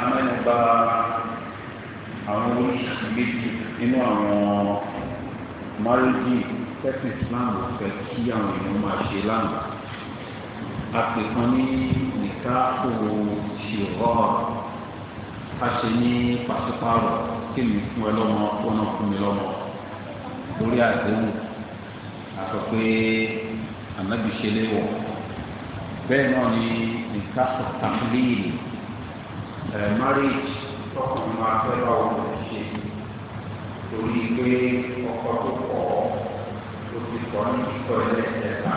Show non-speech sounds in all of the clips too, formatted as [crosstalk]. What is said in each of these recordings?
amẹ́nuba àwọn oríṣi méjì nínú àwọn máréjì tẹ́sán islam fẹ́ kí àwọn èèyàn máa ṣe lánàá àpè kan ní nìka òwò ṣìrọ́ọ̀ a ṣe ní pàṣípààrọ̀ kí mi fún ẹ lọ́mọ ó náà fún mi lọ́mọ lórí àdéhùn àsọ pé ànábìṣẹ́lẹ̀ wọ̀ bẹ́ẹ̀ náà ní nìka ọ̀tàmílì Eh, marriage tọkàn máa fẹ́ bá wọn ṣe torí pé ọkọ tó kọ̀ tó ti kọ́ ní kíkọ́ ẹlẹ́ẹ̀kẹta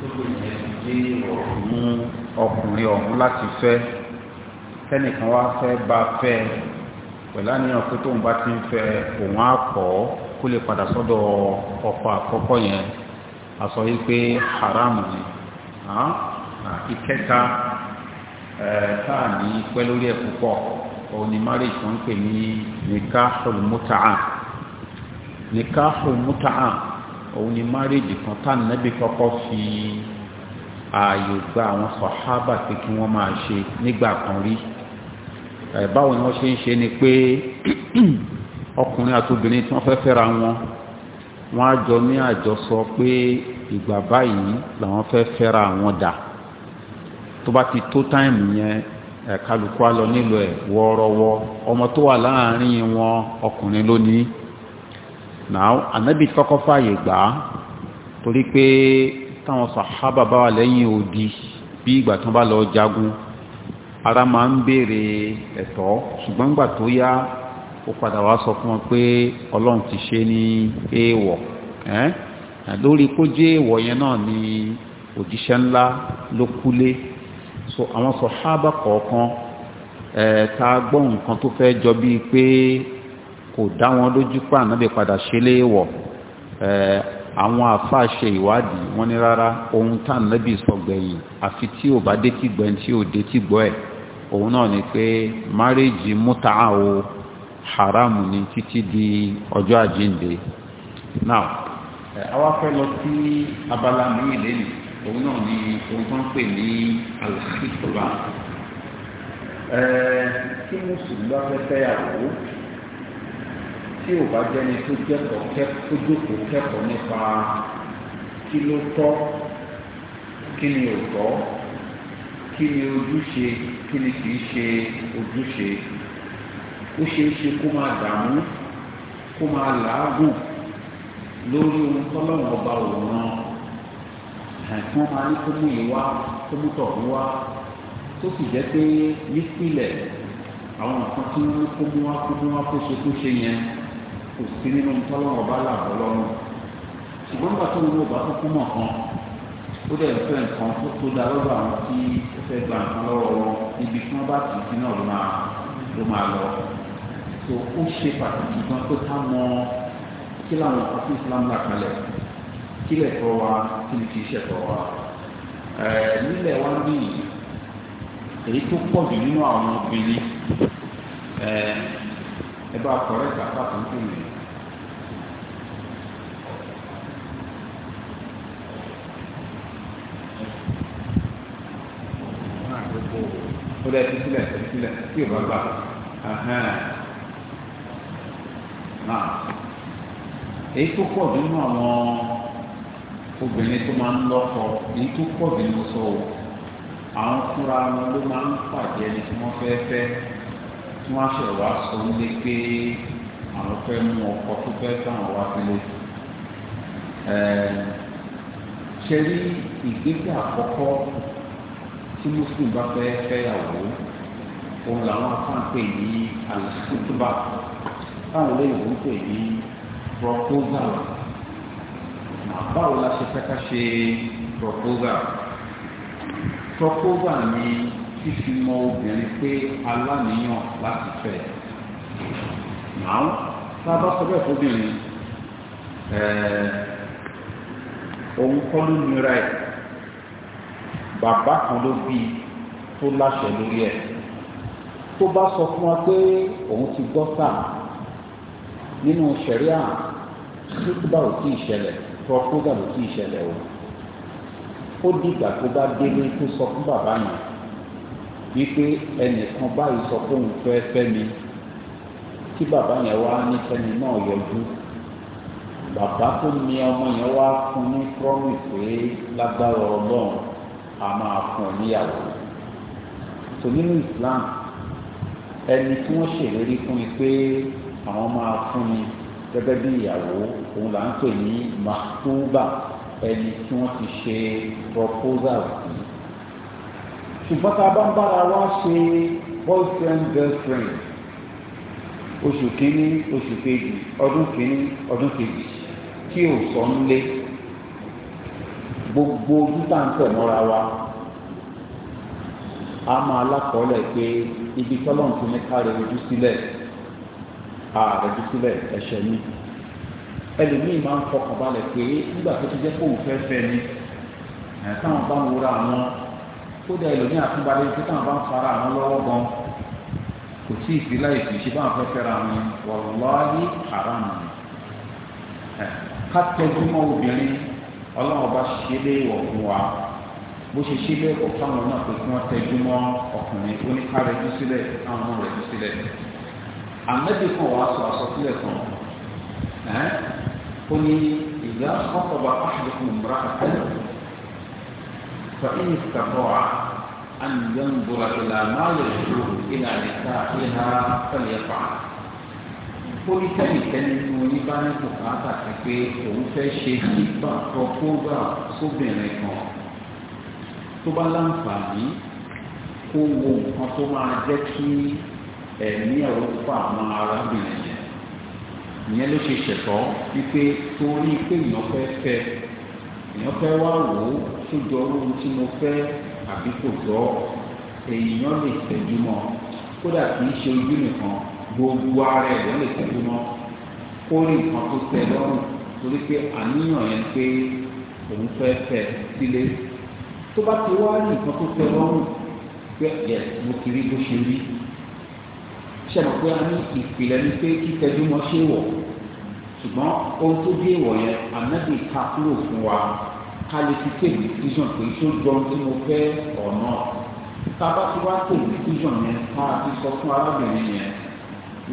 tó lè yẹ kí ọ̀hún ọkùnrin ọ̀hún láti fẹ́ wá fẹ́ bá fẹ́ pẹ̀lú àníyàn pé tóun bá ti ń fẹ́ òun padà sọ́dọ̀ àkọ́kọ́ yẹn a sọ haram ni ìkẹta. Eh, táà ní pẹ́ lórí ẹ̀ púpọ̀ òun ni marriage wọ́n ń pè ní nikahul muta'a nikahul muta'a òun ni marriage kan táà nẹ́bí kọ́kọ́ fi ààyò gba àwọn sọ̀hábà pé kí wọ́n máa ṣe nígbà kan rí eh, báwo ni wọ́n ṣe ń ṣe ni pé [clears throat] ọkùnrin àti obìnrin tí wọ́n fẹ́ fẹ́ra wọn wọ́n á jọ ní àjọsọ pé ìgbà báyìí làwọn fẹ́ fẹ́ra wọn dà tó bá ti tó táìmù yẹn kálukú á lọ nílò ẹ̀ wọ́ọ́rọ́wọ́ ọmọ tó wà láàrin wọn ọkùnrin lónìí náà ànábì kọ́kọ́ fààyè gbà á torí pé táwọn sàhábà bá wà lẹ́yìn odi bí ìgbà tó bá lọ jagun ara máa ń béèrè ẹ̀tọ́ ṣùgbọ́n nígbà tó yá ó padà wá sọ fún wọn pé ọlọ́run ti ṣe ní èèwọ̀ lórí kó jẹ́ èèwọ̀ yẹn náà ni òjíṣẹ́ ńlá ló kúlé so àwọn sọ̀hábà kọ̀ọ̀kan ẹ̀ ta gbọ́ nǹkan tó fẹ́ jọ bíi pé kò dá wọn lójú pé ànábì padà ṣe léèwọ̀ ẹ̀ àwọn àfáà ṣe ìwádìí wọ́n ní rárá ohun tá ànábì sọ gbẹ̀yìn àfi tí ò bá dé tìgbẹ́ tí ò dé tìgbọ́ ẹ̀ òun náà ni pé márèèjì múta o haramu ni títí di ọjọ́ àjíǹde now ẹ̀ àwa fẹ́ lọ sí abala mi lẹ́yìn òun náà ni ohun tó ń pè ní alhikra kí mùsùlùmí bá fẹ́ fẹ́yàwó tí ò bá jẹ́ni tó jẹ́kọ̀ọ́ tó jókòó kẹ́kọ̀ọ́ nípa kí ló tọ́ kí ni ò tọ́ kí ni ojúṣe kí ni kì ṣe ojúṣe ó ṣeé ṣe kó máa dààmú kó máa làágùn lórí ohun tọ́lọ́wọ́n ọba òun náà tí wọ́n máa ní tó mú yìí wá tó mú tọ̀ mú wá tó sì jẹ́ pé nípìnlẹ̀ àwọn nǹkan tí wọ́n kó mú wá kó mú wá kó ṣe kó ṣe yẹn kò sí nínú tọ́lọ́wọ́ bá làbọ̀ lọ́rùn ṣùgbọ́n nígbà tó ń wò bá tó kú mọ̀ kan ó dẹ̀ fẹ́ nǹkan tó tó da lọ́dọ̀ àwọn tí ó fẹ́ gba nǹkan lọ́wọ́ wọn ibi tí wọ́n bá tì sí náà ló máa ló máa lọ tó ó ṣe pàtàkì gan tó ká mọ kí làwọn ọkọ̀ fún Islam là kí lẹ̀ fọ́ wa tí mi kì í ṣẹ̀tọ̀ wa nílẹ̀ wá bí èyí tó pọ̀ jù nínú àwọn obìnrin ẹ bá kọ̀rẹ́ ìgbàgbà tó ń pè mí. ó dẹ́ ti sílẹ̀ ti sílẹ̀ tí ò gbà náà èyí tó pọ̀ jù nínú àwọn obìnrin tó máa ń lọ́kọ èyí tó pọ̀ jù ní sọ o àwọn fúnra wọn ló máa ń pàdé ẹni tí wọ́n fẹ́ fẹ́ tí wọ́n á ṣẹ̀ wá sọ nílé pé àwọn fẹ́ mú ọkọ tó fẹ́ táwọn wá sílé ṣe rí ìgbésẹ̀ àkọ́kọ́ tí muslim bá fẹ́ fẹ́yàwó òun làwọn afáǹpẹ̀ yìí àlùsùtùbà táwọn olóyìnbó ń pè ní proposal báwo la ṣe fẹ́ ká ṣe proposal proposal ni fífi mọ obìnrin pé aláníyàn láti fẹ́ náà tá a bá sọ bẹ́ẹ̀ fóbìnrin eh, òun kọ́ ló nira ẹ̀ bàbá kan ló bí tó láṣẹ lórí ẹ̀ tó bá sọ fún wa pé òun ti gbọ́ sáà nínú sẹ̀ríà tó bá ò tí sọ fún bàbá tí ìṣẹ̀lẹ̀ o ó dìgbà tó bá délé tó sọ fún bàbá mi wípé ẹnìkan báyìí sọ fún òun fẹ́ fẹ́ mi tí bàbá yẹn wá ní sẹ́ni náà yọjú bàbá tó ní ọmọ yẹn wá fún ní promise pé lágbára ọlọ́run a máa fún ọ níyàwó tó nínú Islam ẹni tí wọ́n ṣèlérí fún mi pé àwọn máa fún mi gẹ́gẹ́ bí ìyàwó òun là ń pè ní màtúbà ẹni tí wọ́n ti ṣe proposal sí ṣùgbọ́n tá a bá ń bára wa ṣe boyfriend girlfriend oṣù kínní oṣù kejì ọdún kínní ọdún kejì tí ò sọ ń lé gbogbo dúdà ń tẹ̀ mọ́ra wa a máa lákọọ́lẹ̀ pé ibi tọ́lọ́ǹtì ní káre ojú sílẹ̀. Si ààrẹ ah, tó sílẹ̀ ẹ̀ṣẹ̀ mi ẹlòmíì máa ń fọkàn balẹ̀ pé nígbà tó ti jẹ́ kó òun fẹ́ fẹ́ ni táwọn bá ń wúra àwọn kódà ẹlòmíì àtúbalẹ̀ pé táwọn bá ń fara àwọn lọ́wọ́ gan kò tí ì sí láì fi ṣe báwọn fẹ́ fẹ́ra wọn wàlúwàlí àràmù ká tẹ́jú mọ́ obìnrin ọlọ́run bá ṣe lé ọ̀gbun wa bó ṣe ṣe lé ọ̀fáwọn náà pé kí wọ́n tẹ́jú mọ́ ọkùnrin oníkárẹ́jú sílẹ̀ àwọn ọmọ rẹ̀ jù sílẹ̀ àmẹ́bí kan wàá sọ àsọsílẹ̀ kan ẹ́ ó ní ìyá ọ̀pọ̀ba aṣọ́kùn mìíràn àtẹ́lẹ̀ fẹ́ẹ́ ìsàkọ́wà أن ينظر إلى ما يرجوه إلى نكاحها فليفعل ó ní kẹ́nìkẹ́ni tí mo ní bá ní bùkátà kan pé òun fẹ́ ṣe nígbà kọ́kọ́gbà sóbìnrin kan tó bá láǹfààní kó wo nǹkan tó máa jẹ́ kí ẹ̀mí ẹ̀rọ fún àwọn arábìnrin yẹn ìyẹn ló ṣe ṣẹ̀tọ́ wípé torí pé èèyàn fẹ́ fẹ́ èèyàn fẹ́ wá wò ó sójú ọlọ́run tí mo fẹ́ àbí kò tọ́ èèyàn lè tẹ̀jú mọ́ kódà kì í ṣe ojú nìkan gbogbo ara ẹ̀rọ lè tẹ̀jú mọ́ kó rí nǹkan tó tẹ́ lọ́rùn torí pé àníyàn yẹn pé òun fẹ́ fẹ́ sílé tó bá ti wá rí nǹkan tó tẹ́ lọ́rùn pé yẹ mo kiri bó ṣe rí ṣẹlẹ̀ pé a ní ìpìlẹ̀ ní pé kíkẹ́jú wọn ṣe wọ̀ ṣùgbọ́n ohun tó dé ìwọ̀ yẹn ànábì ká kúrò fún wa ká lè fi tèmi decision pé tó jọ ohun tí mo fẹ́ ọ̀nà tábà tí wàá tèmi decision yẹn ká a ti sọ fún arábìnrin yẹn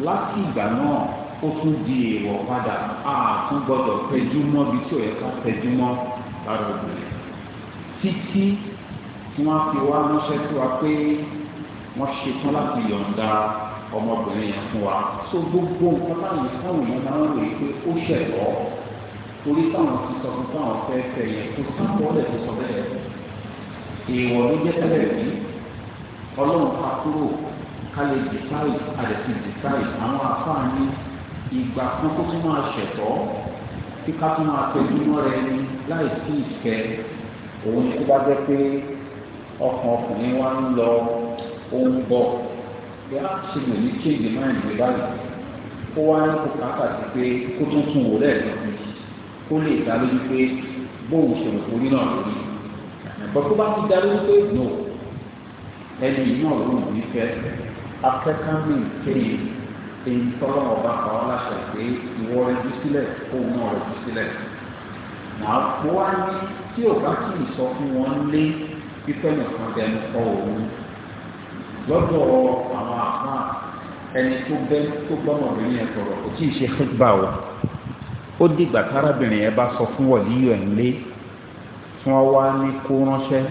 láti ìgbà náà ó tún di èèwọ̀ padà a tún gbọ́dọ̀ tẹjú mọ́ bí tí ò yẹ ká tẹjú mọ́ lára obìnrin títí tí wọ́n fi wá ránṣẹ́ sí wa pé wọ́n ṣetán láti yọ̀ǹda ọmọbìnrin yẹn fún wa so gbogbo nǹkan báyìí táwọn èèyàn máa ń rò yìí pé ó ṣẹ̀lọ́ torí táwọn ti sọ fún táwọn fẹ́ fẹ́ yẹn kò sábọ́ọ̀lẹ̀ tó sọ bẹ́ẹ̀ èèwọ̀ ló jẹ́ tẹ́lẹ̀ rí ọlọ́run ká kúrò ká lè dìtáì àdẹ̀sí dìtáì àwọn afáà ní ìgbà kan tó tún máa ṣẹ̀tọ́ kí ká tún máa pẹ̀lú mọ́ rẹ ní láì sí ìfẹ́ òun tó bá jẹ́ pé ọkàn ọkùnrin wa ń lọ ó ń bọ̀ the action ò ní change the mind rẹ báyìí ó wá ń kó káàkà sí pé kó tún tún wò lẹ́ẹ̀kan sí kó lè dá lójú pé bóun ṣòro kò ní náà lórí àgbà tó bá ti dá lójú pé no ẹni náà ló ń bí fẹ́ afẹ́ká mi kéyìn èyí tọ́lọ́ ọba pa ọ́ láṣẹ pé ìwọ rẹ jù sílẹ̀ kóun náà rẹ jù sílẹ̀ màá kó wá ní tí ò bá kì í sọ fún wọn lé fífẹ́ nìkan dẹnu kọ́ òun lọ́dọ̀ àwọn àmà ẹni tó bẹ́ tó gbọ́mọ̀ lórí yẹn sọ̀rọ̀ kò tí ì ṣe khutba o ó dìgbà tárábìnrin yẹn bá sọ fún wọ̀líyọ̀ ẹ̀ ńlé tí wọ́n wá ní kó ránṣẹ́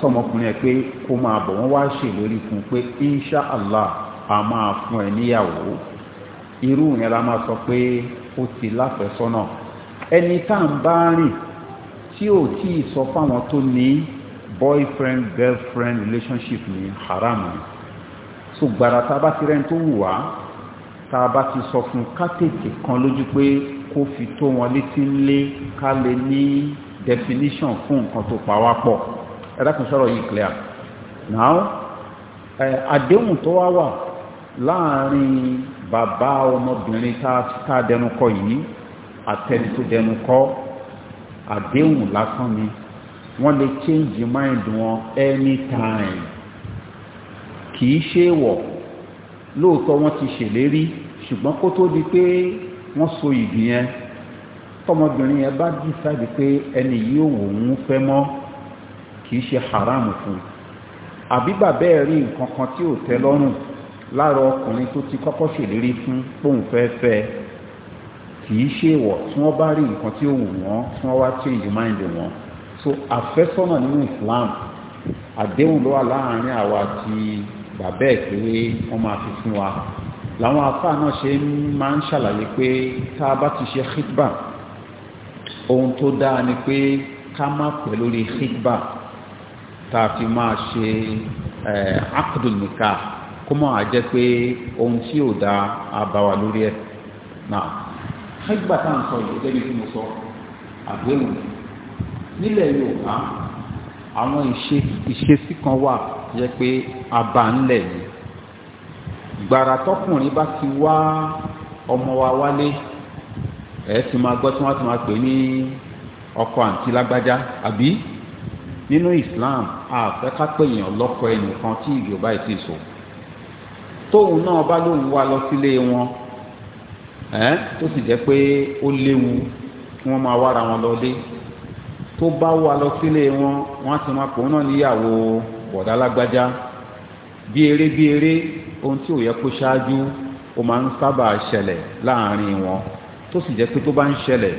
sọmọkùnrin ẹ̀ pé kó máa bọ̀ wọ́n wá ṣe lórí fún pé insha allah a máa fún ẹ níyàwó irú yẹn la máa sọ pé ó ti láfẹ́sọ́nà ẹni tá à ń bá rìn tí ò tí ì sọ fáwọn tó ní í boyfriend girlfriend relationship ni haram ni so gbàrà tá a bá ti rẹ́ni tó wù wá tá bá ti sọ fún kátètè kan lójú pé kó fi tó wọn létí ńlé ká lè ní definition fún nǹkan tó pa wá pọ̀ ẹ sọ̀rọ̀ yìí clear now àdéhùn tó wá wà láàrin bàbá ọmọbìnrin tá a dẹnu kọ yìí àtẹni tó dẹnu kọ àdéhùn lásán ni wọ́n lè change mind wọn anytime kì í ṣe wọ̀ lóòótọ́ wọ́n ti ṣèlérí ṣùgbọ́n kó tó di pé wọ́n so ìgbì yẹn tọmọbìnrin yẹn bá decide pé ẹni yìí ò wò ń fẹ́ mọ́ kì í ṣe haram fún un àbí bàbá ẹ̀ rí nǹkan kan tí ò tẹ́ lọ́rùn lára ọkùnrin tó ti kọ́kọ́ ṣèlérí fún tóun fẹ́ fẹ́ kì í ṣe wọ̀ tí wọ́n bá rí nǹkan tí ò wù wọ́n tí wọ́n wá change mind wọn so àfẹ́sọ́nà nínú Islam àdéhùn ló wà láàrin àwa àti bàbá ẹ̀ pé wọ́n máa fi fún wa làwọn afá náà ṣe máa ń ṣàlàyé pé tá a bá ti ṣe khidba ohun tó dáa ni pé ká má pẹ́ lórí khidba tá fi máa ṣe akdul kó máa jẹ́ pé ohun tí ò dáa á lórí ẹ̀ náà khidba tá à ń sọ yìí bí mo sọ àdéhùn nílẹ̀ yorùbá àwọn ìṣesí kan wà jẹ́ pé àbá ńlẹ̀ yìí gbàrà tọkùnrin bá ti wá ọmọ wa wálé ẹ̀ ti máa gbọ́ tí wọ́n ti máa pè ní ọkọ àǹtí lágbájá àbí nínú islam àfẹ́kápẹ̀yìn ọlọ́kọ ẹnìkan tí yorùbá ẹ̀ ti sọ tóun náà bá lóun wá lọ sílé wọn ẹ̀ tó sì jẹ́ pé ó léwu kí wọ́n máa wára wọn lọ lé tó bá wà lọ sílé wọn wọ́n ti máa pòun náà níyàwó bọ̀dá lágbájá bí eré bí eré ohun tí ò yẹ kó ṣáájú ó máa ń sábà ṣẹlẹ̀ láàrin wọn tó sì jẹ́ pé tó bá ń ṣẹlẹ̀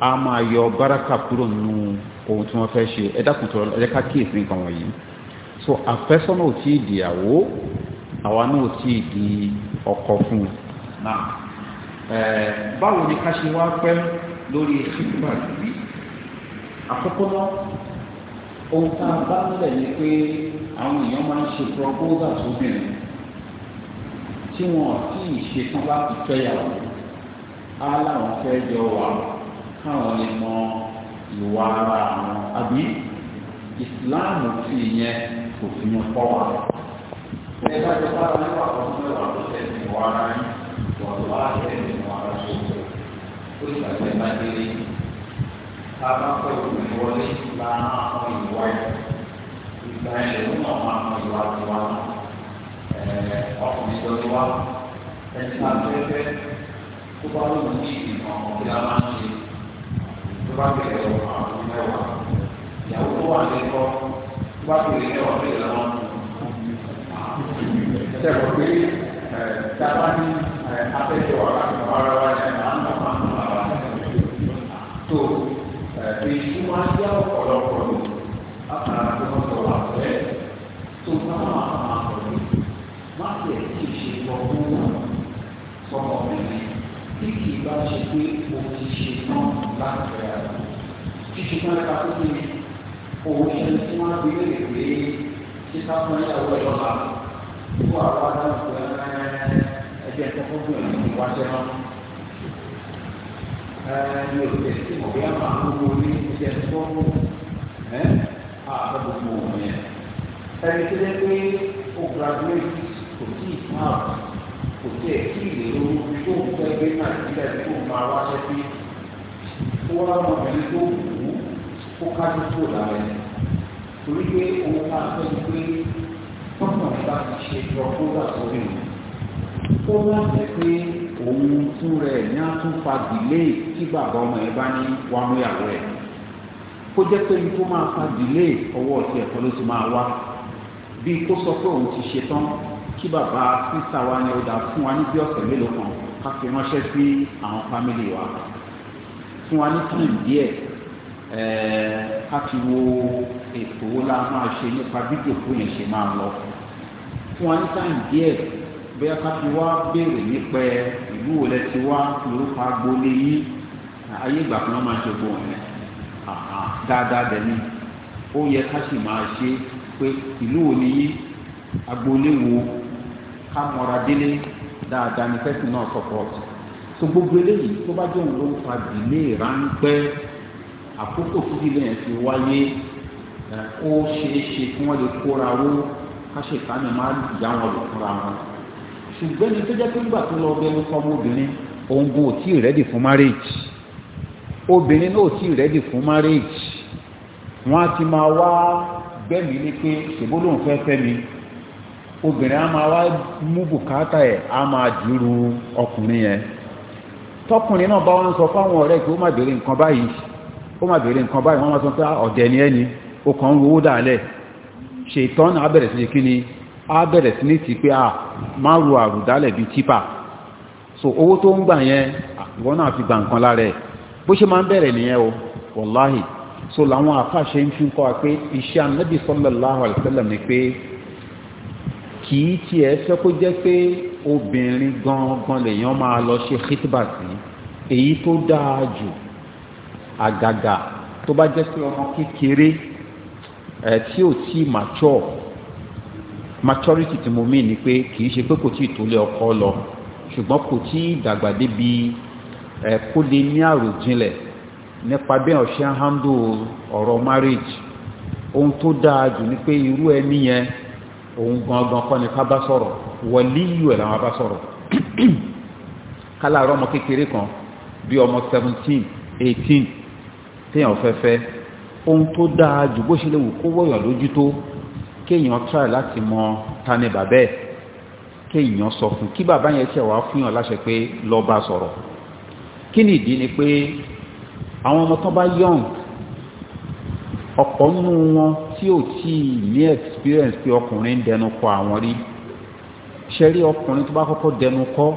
a máa yọ báràkà kúrò nínú ohun tí wọ́n fẹ́ ṣe ẹ dákun tó ẹ ká kíyèsí nǹkan wọ̀nyí so àfẹ́sọ́nà ò tí ì dìyàwó àwa náà ò tí ì di ọkọ fún un. báwo ni ká ṣe wá pẹ́ lórí ṣùgbọ́n àti àkọ́kọ́ ohun tá a bá nílẹ̀ ni pé àwọn èèyàn máa ń ṣe proposal sóbìnrin tí wọn tí ì ṣe tán láti fẹ́yàwó á láwọn fẹ́ jọ wà káwọn lè mọ ìwà ara àwọn àbí ìsìláàmù fi yẹn kò fi yẹn kọ́ wa. ẹ bá ti bá wọn wà lọ sí ọ̀rọ̀ tó tẹ̀lé ìwà ara yín wọ́n tó bá tẹ̀lé ìwà ara tó ó sì bá bá délé bàbá kọ ìwọlé ìgbà máa kọ ìwà ìgbà ìṣòro náà máa kọ ìwà tiwa ọkùnrin lọ́dún wa ẹni tá a fẹ́ fẹ́ tó bá lóun ní ìgbìmọ̀ ọ̀gbìn la máa ń ṣe tó bá bẹ̀rẹ̀ ọ̀hún àwọn mẹ́wàá ìyàwó tó wà lẹ́kọ̀ọ́ tó bá bẹ̀rẹ̀ ẹ̀wọ̀n bẹ̀rẹ̀ lọ́wọ́ tẹ̀wọ̀ pé. ṣíṣán ẹ̀ka tó ti òun ṣe tí wọ́n fi lè gbé ṣíṣá fún ìyàwó ẹ̀rọ bá fún àwọn adáǹkó ẹgbẹ́ kọ́kọ́ fún ìlú wáṣẹ́ náà. Ẹni òṣèlú tí mo bí àwọn àkókò ní ìṣẹ́ tó kọ́ ẹ́ àgbàgbogbo òun yẹn. Ẹni tó dé pé ó graduate kò tí ì fún àwọn kò tí ẹ̀ tí ì lè lóyún tó ń fẹ́ gbé náà sílẹ̀ tó máa wáṣẹ́ bí. Ó wá tó wù ú kó kájú kúrò lára ẹni torí pé ohun tá fẹ́ ni pé tọ́kàn bá ti ṣe jọ kó wà sórí mi ó láti pé òun fún rẹ̀ ní á tún fa dìlé tí bàbá ọmọ ẹ bá ní wàá mú ìyàwó ẹ̀ kó jẹ́ pé ikú máa fa dìlé ọwọ́ ti ẹ̀kọ́ ló ti máa wá bí kó sọ pé òun ti ṣe tán kí bàbá sísá wa ni ó fún wa ní bí ọ̀sẹ̀ mélòó kan ká fi ránṣẹ́ sí àwọn fámìlì wa fún wa ní tìǹ díẹ̀ ká fi wo ètò la máa ṣe nípa fídíò fún yẹn ṣe máa lọ fún wa ní sáyìn díẹ̀ bóyá ká fi wá béèrè nípa ìlú wo lẹ ti wá lórúkọ agboolé yìí ayé ìgbà kan máa ṣe gbòòn yẹn dáadáa dẹ̀mí ó yẹ ká sì máa ṣe pé ìlú wo ni yìí wo ká mọra délé dáadáa ni fẹ́sìn náà gbogbo eléyìí tó bá jẹ́ òun ló ń fa àkókò tí ìdílé yẹn ti wáyé ó ṣeé ṣe kí wọ́n lè kóra wó káṣíkánì máa yá wọn lò fúnra wọn ṣùgbọ́n ní tó jẹ́ pé nígbà tó lọ bẹ́ẹ̀ lọ́kọ́ ọmọbìnrin òun gun ò tí ì rẹ́dì fún márèèjì obìnrin náà ò tí ì rẹ́dì fún márèèjì wọ́n á ti máa wá gbẹ́mí ní pé ṣèbó lòun fẹ́ fẹ́ mi obìnrin á máa wá mú bùkátà ẹ̀ á máa dìrú ọkùnrin yẹn tọkùnrin náà bá wọn sọ fáwọn ọ̀rẹ́ pé ó má béèrè nǹkan báyìí ó má bèèrè nǹkan báyìí wọ́n má sọ pé ah, ọ̀dẹ̀ ni ẹni ó kàn ń wo owó ṣe ìtọ́nà abẹ̀rẹ̀ sí kí ni abẹ̀rẹ̀ sí ní ti pé a ah, má ru àrùdálẹ̀ bíi típà so owó tó ń gbà yẹn ah, ìwọ náà fi gbà nǹkan lára ẹ̀ bó ṣe máa ń bẹ̀rẹ̀ nìyẹn o wàláhì so làwọn àfàṣe ń fi kọ́ wa pé iṣẹ́ anábì sallallahu alaihi ni pé kì í tiẹ̀ fẹ́ kó jẹ́ pé obìnrin gangan lèèyàn máa lọ ṣe khitbah sí èyí tó dáa jù Agaga, tó bá jẹ́ pé ọmọ kékeré ẹ̀ tí ò tí mature maturity tí mo mean ni pé kì í ṣe pé kò tí ì tó lé ọkọ lọ ṣùgbọ́n kò tí ì dàgbà débi ẹ̀ kó lè ní àròjinlẹ̀ nípa bí ọ̀ ṣe ń handle ọ̀rọ̀ marriage ohun tó dáa jù ni pé irú ẹni yẹn òun gangan kọ́ ká bá sọ̀rọ̀ wọlé yìí ẹ̀ làwọn bá sọ̀rọ̀ kálá àrọ́ ọmọ kékeré kan bí ọmọ seventeen eighteen téèyàn fẹ́fẹ́ ohun tó dáa jù bó ṣe lè wù kó wọ̀yàn lójú tó kéèyàn try láti mọ tani bàbá ẹ̀ kéèyàn sọ fún kí bàbá yẹn tiẹ̀ wá láṣẹ pé lọ sọ̀rọ̀ kí ni ìdí ni pé àwọn ọmọ tán bá yọ̀ǹ ọ̀pọ̀ nínú wọn tí ò tí ì ní experience pé ọkùnrin ń dẹnu kọ àwọn rí ṣe rí ọkùnrin tó bá kọ́kọ́ dẹnu kọ́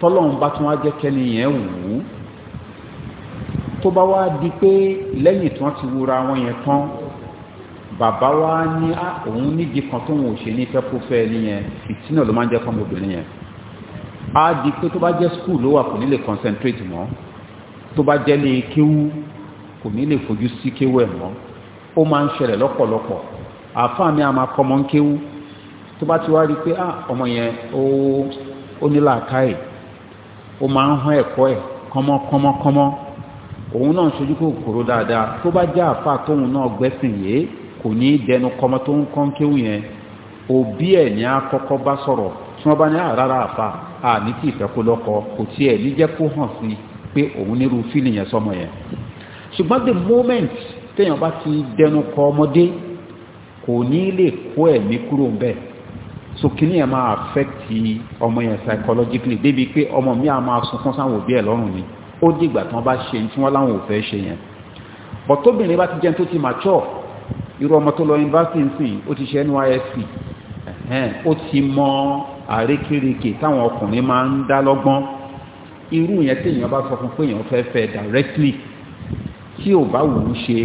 tọ́lọ́run bá tún wá jẹ́ kẹ́ni yẹn wù ú tó bá wá di pé lẹ́yìn tí wọ́n ti wura wọn yẹn tán bàbá wa ní ah, òun nídìí kan tó wọn ò ṣe ní fẹ́ kó fẹ́ ẹni yẹn ìtínà ló máa ń jẹ́ fọ́mọ obìnrin yẹn á di pé tó bá jẹ́ skul ló wà kò ní lè concentrate mọ́ tó bá jẹ́ lè kéwú kò ní lè fojú sí kéwú ẹ̀ mọ́ ó máa ń ṣẹlẹ̀ lọ́pọ̀lọpọ̀ àáfàá mi a máa kọ́ ọmọ ń kéwú tó bá ti wá rí i pé ah, ọmọ yẹn ó ní làákàyè ó máa ń hán ẹ̀kọ́ ẹ̀ kọ́mọ́kọ́mọ́kọ́mọ́ òun náà sojú kò kúrò dáadáa tó bá jẹ́ àfa tóun náà gbẹ́sìn yé kò ní dẹnu kọmọ tó ń kán kéwù yẹn òbí ẹ̀ ní akọ́kọ́ bá sọ̀rọ̀ tí wọ́n bá ní àrárá àfa àní tí ìfẹ́ lọ́kọ kò tiẹ̀ ní jẹ́ kó hàn sí pé òun nírú fílì yẹn sọmọ yẹn ṣùgbọ́n the moment téèyàn bá ti dẹnu kọ ọmọdé kò ní lè kó ẹ̀mí kúrò ń bẹ̀ so kí ni ẹ̀ máa affect ọmọ yẹn psychologically débi pé ọmọ mi á máa sunkún sáwọn òbí ẹ̀ lọ́rùn ni ó dìgbà tí wọ́n bá ṣe tí wọ́n láwọn ò fẹ́ ṣe yẹn bọ̀ bá ti jẹ́ tó ti mature irú ọmọ tó lọ yunifásitì ń ó ti ṣe nysc ó ti mọ àrékèrèkè táwọn ọkùnrin máa ń dá lọ́gbọ́n irú yẹn téèyàn bá sọ fún pé èèyàn fẹ́ fẹ́ directly tí ò bá wù ú ṣe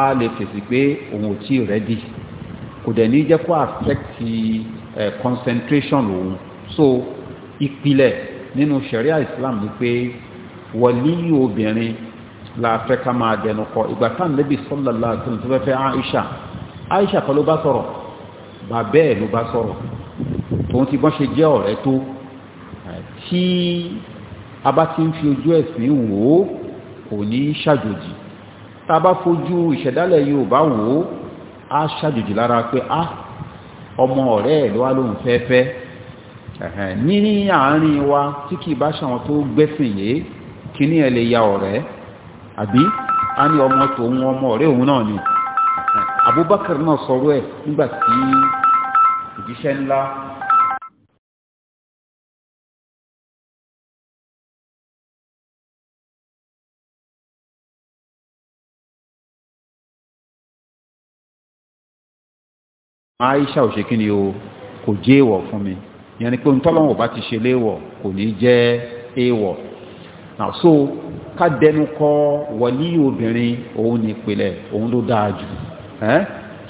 á lè fèsì pé òun ò tí ì ready kò dẹ̀ ní jẹ́ kó affect eh, concentration òun so ìpìlẹ̀ nínú sharia Islam ni pé wàlíyù obìnrin láàfẹ́ ká máa dẹnu kọ ìgbà táwọn Nábì sallallahu alaihi wasallam tó fẹ́ fẹ́ Aisha Aisha kan ló bá sọ̀rọ̀ bàbẹ́ ẹ̀ ló bá sọ̀rọ̀ tòun ti bọ́n ṣe jẹ́ ọ̀rẹ́ tó tí a bá ti ń fi ojú ẹ̀sìn wò ó kò ní ṣàjòjì tá a bá fojú ìṣẹ̀dálẹ̀ Yorùbá wò ó á ṣàjòjì lára pé á ọmọ ọ̀rẹ́ ẹ̀ ló wá lóhun fẹ́fẹ́ ní àárín wa tí kì í bá ṣàwọn tó gbẹ́sìn yìí kíní ẹ̀ lè ya ọ̀rẹ́ àbí a ní ọmọ tòun ọmọ ọ̀rẹ́ òun náà ni Abubakar náà sọ̀rọ̀ ẹ̀ nígbà tí òjíṣẹ́ ńlá aisha ò ṣe kí ni o kò jẹ́ èèwọ̀ fún mi ìyẹn ni pé ń bá ti ṣe léèwọ̀ kò ní jẹ́ èèwọ̀ náà so ká dẹnu kọ wọlí obìnrin òun ní ìpìlẹ̀ òun ló dáa jù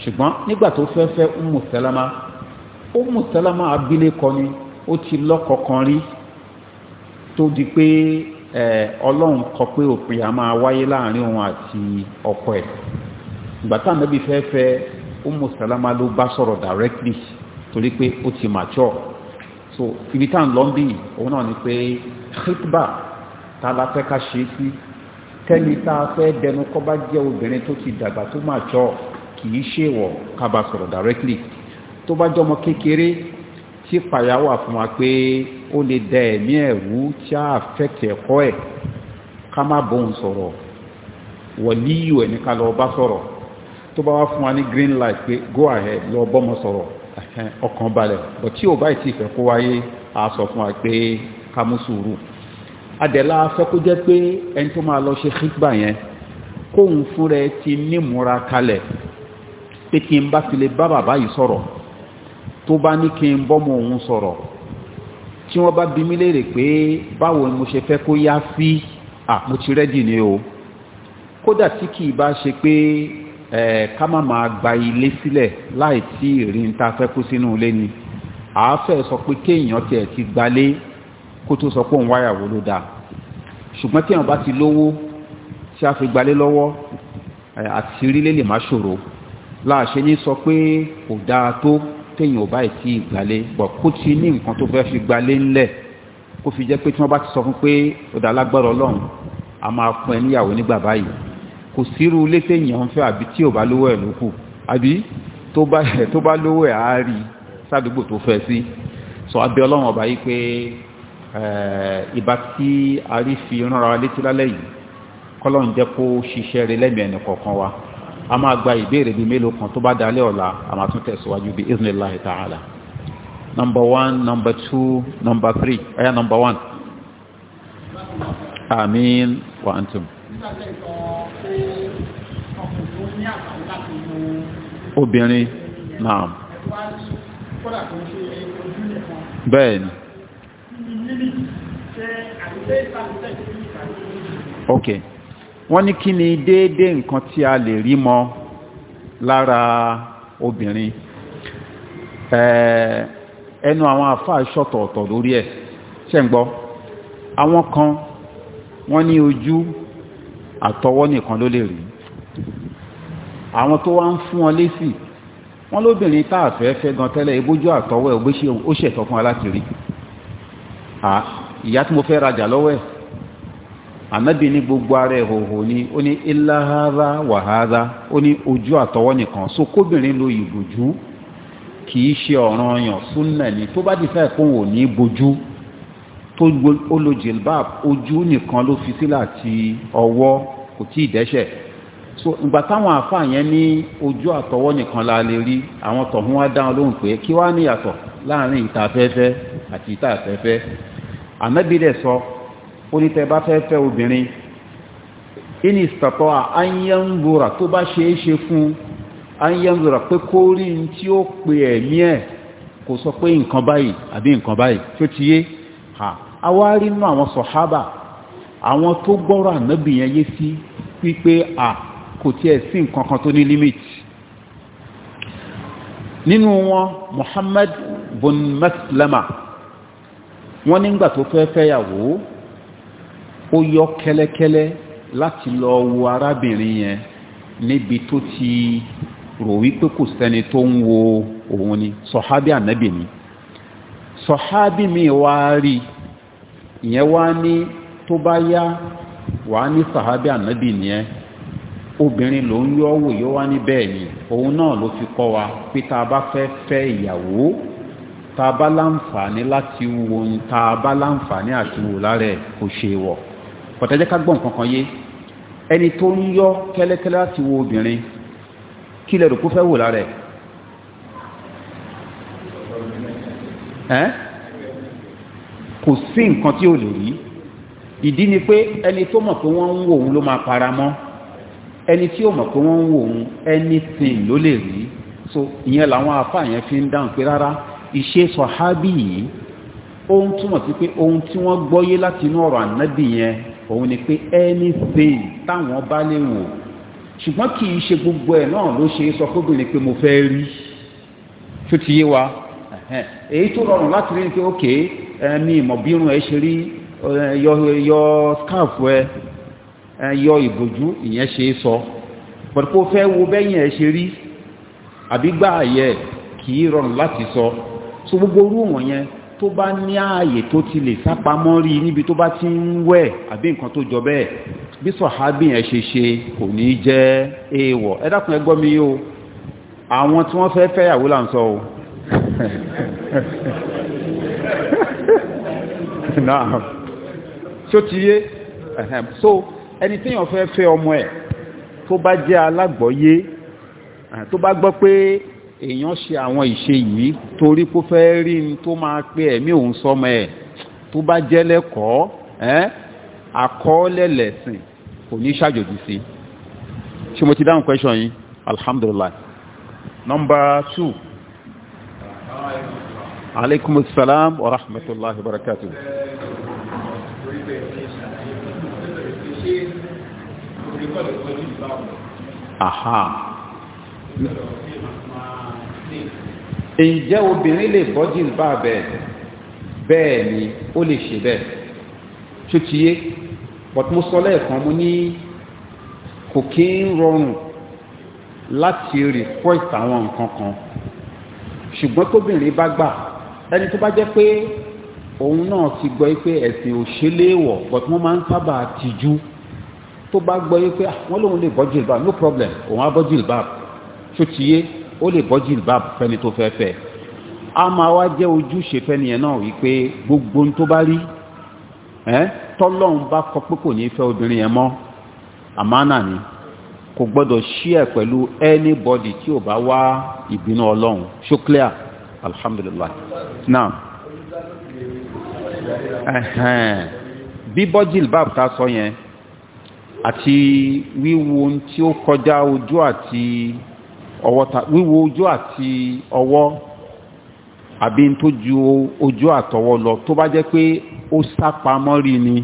ṣùgbọ́n nígbà tó fẹ́ fẹ́ Ummu Salama Ummu Salama abilékọ ni ó ti lọ́kọ kan rí tó di pé ọlọ́run kọ pé òpin a máa wáyé láàrin òun àti ọkọ ẹ̀ ìgbà tá ànábì fẹ́ fẹ́ Ummu ló bá sọ̀rọ̀ directly torí pé ó ti mature so ibi tá à ń lọ bí òun náà ni pé khitba ta la fẹ́ ká ṣe sí tẹ́ni tá a fẹ́ dẹnu kọ́ bá jẹ́ obìnrin tó ti dàgbà tó máa jọ kì í ṣèwọ̀ ká bá sọ̀rọ̀ directly tó bá jọmọ kékeré tí pàyà wà fún wa pé ó lè da ẹ̀mí ẹ̀rú tí a affect ẹ̀kọ́ ẹ̀ ká má bóun sọ̀rọ̀ wọ̀líyù ẹ̀ ní ká lọ bá sọ̀rọ̀ tó bá wá fún wa ní green light pé go ahead lọ bọ́mọ sọ̀rọ̀ ọkàn balẹ̀ bọ̀ tí ò bá ì tí ìfẹ́ kó wáyé a sọ fún wa pé ká mú sùúrù adẹ̀lá afẹ́ kó jẹ́ pé ẹni tó máa lọ ṣe xígbà yẹn kóun fúnra ẹ ti nímúra kalẹ̀ pé kí n bá fi lè bá bàbá yìí sọ̀rọ̀ tó bá ní kí n bọ́mọ òun sọ̀rọ̀ tí wọ́n bá bi mí léèrè pé báwo ni mo ṣe fẹ́ kó yá sí àpò rẹ́dì ni o kódà tí kì í bá ṣe pé ẹ ká má máa gba ilé sílẹ̀ láì tí ìrìn ta fẹ́ kó sínú ilé ni àáfẹ́ sọ pé kéèyàn tiẹ̀ ti gbalé kó tó sọ pé òun wáyàwó ló dáa ṣùgbọ́n tí èèyàn bá ti lówó tí a fi gbalé lọ́wọ́ àti rílé lè má ṣòro láàṣẹ ní sọ pé kò dáa tó téèyàn ò báyìí tí ìgbàlé bọ̀ kó ti ní nǹkan tó fẹ́ fi gbalé ńlẹ̀ kó fi jẹ́ pé tí wọ́n bá ti sọ fún pé ọ̀dà alágbára ọlọ́run a máa fún níyàwó nígbà báyìí kò sírú ilé téèyàn ń fẹ́ àbí tí ò bá lówó ẹ̀ ló kù àbí [laughs] tó bá lówó ẹ̀ á rí sádùúgbò tó fẹ́ sí sọ abẹ́ ọlọ́run ọba yìí pé Eh, ìbá tí a rí fi ránra létí lálẹ́ yìí kọ́lọ́n jẹ́ kó ṣiṣẹ́ kọ̀ọ̀kan wa a máa gba ìbéèrè bíi mélòó kan tó bá dalẹ́ ọ̀la a tún tẹ̀síwájú bíi iznillahi ta'ala number one number two number three ẹ̀yà number one amin ok wọ́n ní kí ni déédé nǹkan tí a lè rí mọ́ lára obìnrin ẹnu àwọn àfáà ṣọ̀tọ̀ọ̀tọ̀ lórí ẹ̀ ṣẹ́ǹgbọ́ àwọn kan wọ́n ní ojú àtọwọ́ nìkan ló lè rí àwọn tó wá ń fún wọn lésì wọ́n lóbìnrin táàfẹ́ fẹ́ gan tẹ́lẹ̀ ibójú àtọwọ́ ẹ̀ ó ṣètọ́ fún aláti rí ìyá tí mo fẹ́ rajà lọ́wọ́ ẹ̀ ànábì ní gbogbo ara ẹ̀ hòhò ni ó ní iláhárá wàhárá ó ní ojú àtọwọ́ nìkan so kóbìnrin lo ìbòjú kì í ṣe ọ̀ràn ọyàn súnà ni tó bá ti fẹ́ kóhùn ò ní bojú tó lo jilbab ojú nìkan ló fi sí láti ọwọ́ kò tí ì dẹ́ṣẹ̀ so ìgbà táwọn àfáà yẹn ní ojú àtọwọ́ nìkan la lè rí àwọn tọ̀hún wá dáhùn lóhùn pé kí wá ní ìyàtọ̀ láàrin ìta afẹ́fẹ́ àti ìta afẹ́fẹ́ ànábì dẹ̀ sọ ó ní tẹ́ bá fẹ́ fẹ́ obìnrin ìní ìsìtàtọ́ àyẹ́ǹgbòrà tó bá ṣe é ṣe fún àyẹ́ǹgbòrà pé kó rí n tí ó pè ẹ̀mí ẹ̀ kò sọ pé nǹkan báyìí àbí nǹkan báyìí tó ti yé àwárí nú àwọn sọ̀hábà àwọn tó gbọ́rọ̀ ànábì yẹn yé sí wípé à kò tiẹ̀ sí nǹkan kan tó ní limit nínú wọn Muhammad bin Maslama wọ́n nígbà tó fẹ́ fẹ́yàwó ó yọ kẹ́lẹ́kẹ́lẹ́ láti lọ wo arábìnrin yẹn níbi tó ti rò wípé kò sẹ́ni tó ń wo òun ni sọ̀hábí ànábì ni sọ̀hábí mi wá rí ìyẹn wá ní tó bá yá wàá ní sọ̀hábí ànábì nìyẹn obìnrin ló ń yọ wò yóò wá ní bẹ́ẹ̀ ni òun náà ló fi kọ́ wa pé tá a bá fẹ́ fẹ́ ìyàwó tá a bá láǹfààní láti wo ohun tá a bá láǹfààní àti wò lára ẹ̀ kò ṣe wọ̀ kọ̀tẹ́jẹ́ ká gbọ́n kankan yé ẹni tó ń yọ kẹ́lẹ́kẹ́lẹ́ láti wo obìnrin kí lẹ́rù kó fẹ́ wò lára kò sí nǹkan tí ò lè rí ìdí ni pé ẹni tó mọ̀ pé wọ́n ń wò òun ló máa para mọ́ ẹni tí ó mọ̀ pé wọ́n ń wò òun anything ló lè rí so ìyẹn làwọn afá yẹn fi ń dáhùn pé rárá ìṣe sọ̀hábì yìí ohun túmọ̀ sí pé ohun tí wọ́n gbọ́yé láti inú ọ̀rọ̀ ànábì yẹn òun ni pé anything táwọn bá lè wò ṣùgbọ́n kì í ṣe gbogbo ẹ̀ náà ló ṣe é sọ fóbìnrin pé mo fẹ́ rí tó ti yé wa èyí tó rọrùn láti rí ni pé ok mi ìmọ̀ bírun ẹ ṣe rí yọ scarf ẹ yọ ìbòjú ìyẹn ṣe é sọ pọ̀tùpọ̀ fẹ́ wo bẹ́yìn ẹ ṣe rí àbí gbà yẹ kì í rọrùn láti sọ. So so gbogbo orú wọn yẹn tó bá ní ààyè tó ti lè sápamọ́ rí níbi tó bá ti ń wẹ̀ àbí nǹkan tó jọ bẹ́ẹ̀ bí sọ̀hábì yẹn ṣe ṣe kò ní jẹ́ èèwọ̀ ẹ dákun ẹ gbọ́ mi yóò àwọn tí wọ́n fẹ́ fẹ́yàwó là ń sọ o [laughs] náà ti yé so ẹni tí fẹ́ fẹ́ ọmọ ẹ̀ tó bá jẹ́ alágbọ̀ọ́yé tó bá gbọ́ pé èèyàn ṣe àwọn ìṣe yìí torí kó fẹ́ rí ni tó máa pé ẹ̀mí òun sọmọ ẹ̀ tó bá jẹ́ lẹ́kọ̀ọ́ ẹ́ àkọọ́lẹ̀ lẹ̀sìn kò ní ṣàjòjì sí ṣé mo ti dáhùn question yìí alhamdulillah number two aleykum salam wa rahmatullahi wa aha ǹjẹ́ obìnrin lè bọ́ jìlbà bẹ́ẹ̀ bẹ́ẹ̀ ni ó lè ṣe bẹ́ẹ̀ tó ti yé but mo sọ lẹ́ẹ̀kan mo ní kò kí ń rọrùn láti request àwọn nǹkan kan ṣùgbọ́n tóbìnrin bá gbà ẹni tó bá jẹ́ pé òun náà ti gbọ́ pé ẹ̀sìn òṣèléèwọ̀ but wọ́n máa ń sábà tìjú tó bá gbọ́ pé ah, wọ́n lóun lè bọ́ jìlbà no problem òun á bọ́ jìlbà tó ó lè bọ́ jìlbáàbù fẹ́ni tó fẹ́ fẹ́ a máa wá jẹ́ ojúṣe fẹ́ni yẹn náà wípé gbogbo tó bá rí tọ́lọ́run bá kọ pé kò ní fẹ́ obìnrin yẹn mọ́ àmánà ni kò gbọ́dọ̀ ṣí ẹ̀ pẹ̀lú anybody tí ò bá wá ìbínú ọlọ́run ṣó alhamdulillah now bí bọ́jìl bá ta sọ yẹn àti wíwo tí ó kọjá ojú àti ọwọ́ ta wíwo ojú àti ọwọ́ àbí tó ju ojú àtọwọ́ lọ tó bá jẹ́ pé ó sápamọ́ rí ni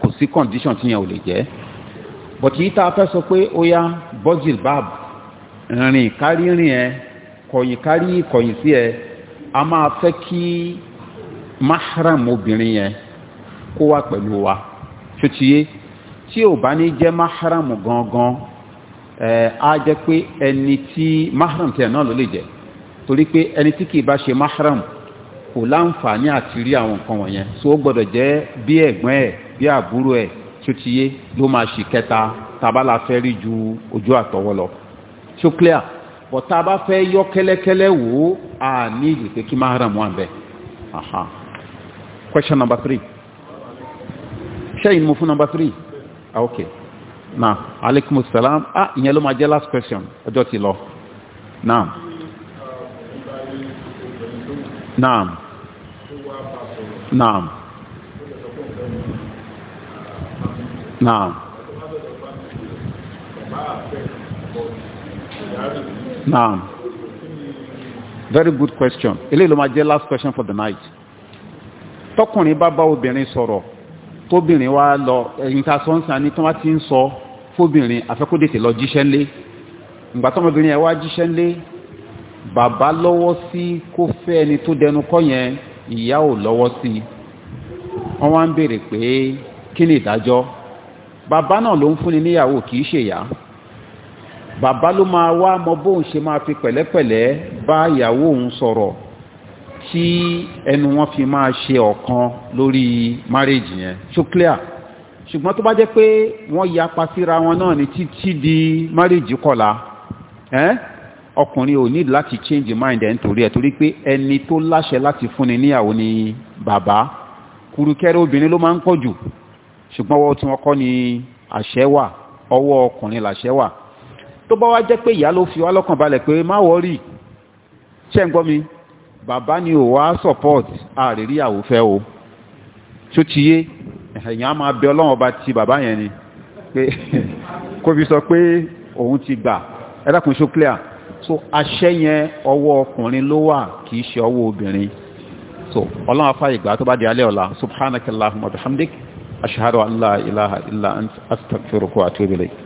kò sí condition tí yẹn ò lè jẹ́ but yìí tá a fẹ́ sọ pé ó yá bọ́gìl bab rìn kárí rìn ẹ kọ̀yìn kárí kọ̀yìn sí ẹ a máa fẹ́ kí mahram obìnrin yẹn kó wà pẹ̀lú wa ṣó ti yé tí ò bá ní jẹ́ mahram gangan a jẹ́ pé ẹni tí mahram tẹ̀ náà ló lè jẹ́ torí pé ẹni tí kìí bá ṣe mahram kò láǹfààní àti rí àwọn nǹkan wọ̀nyẹn so ó gbọ́dọ̀ jẹ́ bí ẹ̀gbọ́n ẹ̀ bí àbúrò ẹ̀ tí ó ti yé ló máa ṣì kẹta tabala fẹ́ rí ju ojú àtọwọ́ lọ so clear but tá a bá fẹ́ yọ kẹ́lẹ́kẹ́lẹ́ wò ó a ní ìdí pé kí mahram wà bẹ́ẹ̀ aha question number three ṣẹ́yìn mo fún number three ah, okay na alaikum salam ah ìyẹn ló máa jẹ́ last question ọjọ́ ti lo. naam naam naam naam naam very good question eléyìí ló máa jẹ́ last question for the night tọkùnrin bá bá obìnrin soro. tóbìnrin wá lọ ẹ̀yìn tá a sọ ń sàn ní ti ń fóbìnrin afẹ́kódètè lọ jíṣẹ́ ńlé ìgbà tọ́mọbìnrin ẹ̀ wá jíṣẹ́ ńlé bàbá lọ́wọ́ sí kó fẹ́ ẹni tó dẹnu kọ́ yẹn ìyá ò lọ́wọ́ sí wọ́n wá ń béèrè pé kí ni ìdájọ́ bàbá náà ló ń fúnni níyàwó kì í ṣèyá bàbá ló máa wá mọ bóun ṣe máa fi pẹ̀lẹ́pẹ̀lẹ́ bá ìyàwó òun sọ̀rọ̀ tí ẹnu wọn fi máa ṣe ọ̀kan lórí márèjì yẹn ṣó clear ṣùgbọ́n tó bá jẹ́ pé wọ́n yapa síra wọn náà ní títí di márìjì kọ̀la ọkùnrin ò ní láti change mind ẹ̀ nítorí ẹ̀ torí pé ẹni tó láṣẹ láti fúnni níyàwó ni bàbá kurukẹ́rẹ́ obìnrin ló máa ń pọ̀ jù ṣùgbọ́n ọwọ́ tí wọ́n kọ́ ni àṣẹ wà ọwọ́ ọkùnrin làṣẹ wà tó bá wá jẹ́ pé ìyá ló fi wá lọ́kàn balẹ̀ pé má wọ́rì ṣẹ́ ń gbọ́ mi bàbá ni ò wá support àríríyàwó fẹ́ o tó ti yé ẹ̀yìn a máa bẹ ọlọ́run ọba ti bàbá yẹn ni pé kó fi sọ pé òun ti gbà ẹ̀dàkùn ṣó clear so aṣẹ yẹn ọwọ́ ọkùnrin ló wà kì í ṣe ọwọ́ obìnrin so ọlọ́run afá ìgbà tó bá di alẹ́ ọ̀la subhanakallahumma bihamdik ashhadu an la ilaha illa ant astaghfiruka wa atubu ilayk